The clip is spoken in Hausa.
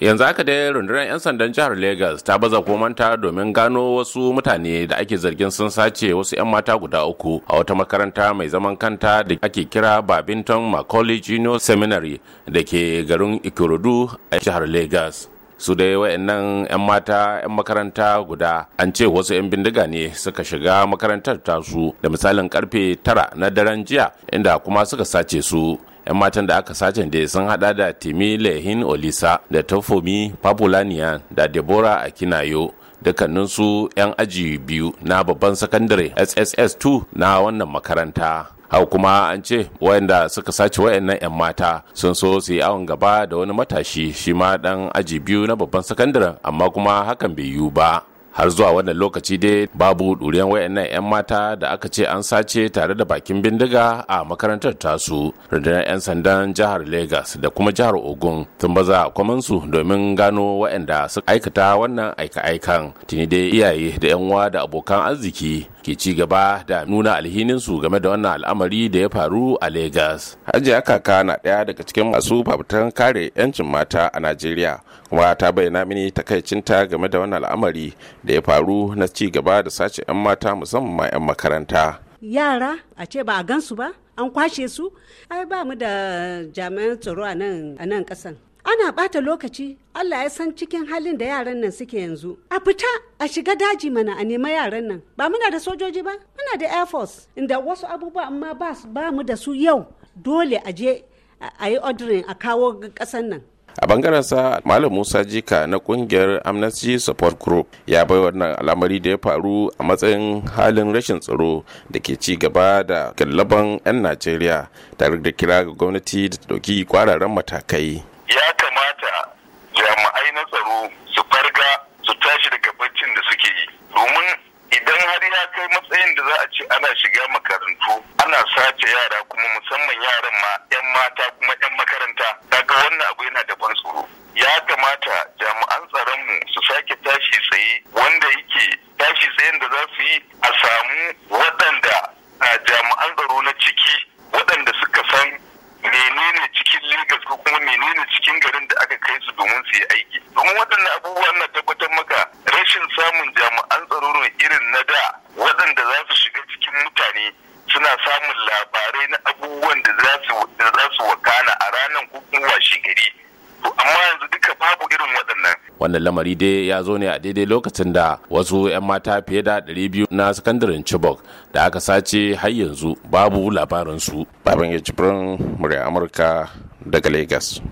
yanzu haka dai rundunar 'yan sandan jihar Legas ta baza komanta domin gano wasu mutane da ake zargin sun sace wasu 'yan mata guda uku a wata makaranta mai zaman kanta da ake kira babinton macaulay junior seminary da ke garin ikorodu a jihar Legas. su dai wayannan 'yan mata 'yan makaranta guda an ce wasu 'yan bindiga ne suka shiga makarantar tasu da misalin karfe tara na daren jiya inda kuma suka sace su 'yan matan da aka sace da sun hada da timi lehin olisa da tofomi papulania da deborah akinayo dukkaninsu 'yan aji biyu na babban sakandare sss 2 na wannan makaranta hau kuma an ce wayanda suka sace wayannan 'yan mata sun so su yi awon gaba da wani matashi shi ma dan aji biyu na babban sakandare amma kuma hakan bai yiwu ba har zuwa wannan lokaci dai babu ɗuriyan wayannan 'yan mata da aka ce an sace tare da bakin bindiga a makarantar tasu rundunar 'yan sandan jihar Legas da kuma jihar ogun sun baza kwamansu domin gano wayanda suka aikata wannan aika-aikan tuni dai iyaye da 'yan uwa da abokan arziki ke ci gaba da nuna alhininsu game da wannan al'amari da ya faru a Legas. Hajiya Kaka na ɗaya daga cikin masu fafutan kare 'yancin mata a Najeriya kuma ta bayyana mini takaicinta game da wannan al'amari da ya faru na ci gaba da sace 'yan mata musamman ma 'yan makaranta. Yara a ce ba a gansu ba an kwashe su ai ba mu da jami'an tsaro a nan kasan ana ɓata lokaci Allah ya san cikin halin da yaran nan suke yanzu a fita a shiga daji mana a nema yaran nan ba muna da sojoji ba muna da air force inda wasu abubuwa amma ba mu da su yau dole a je a yi ordering a kawo ƙasan nan a bangaren sa malam musa jika na kungiyar amnesty support group ya bai wannan al'amari da ya faru a matsayin halin rashin tsaro da ke ci gaba da gallaban 'yan najeriya tare da kira ga gwamnati da ta dauki kwararan matakai a ce ana shiga makarantu ana sace yara kuma musamman yaran ma 'yan mata kuma 'yan makaranta daga wannan abu yana da ban tsoro ya kamata jami'an tsaronmu su sake tashi tsaye wanda yake tashi tsayen da za su yi a samu waɗanda a jami'an tsaro na ciki waɗanda suka san menene cikin Legas ko kuma menene cikin garin da aka kai su domin su yi aiki domin waɗannan abubuwan na ana samun labarai na abubuwan da za su wakana a ranar kuma washe gari to amma yanzu duka babu irin waɗannan wannan lamari dai ya zo ne a daidai lokacin da wasu 'yan mata fiye da 200 na sakandaren chibok da aka sace har yanzu babu labarinsu. baban ya jibrin murya amurka daga lagos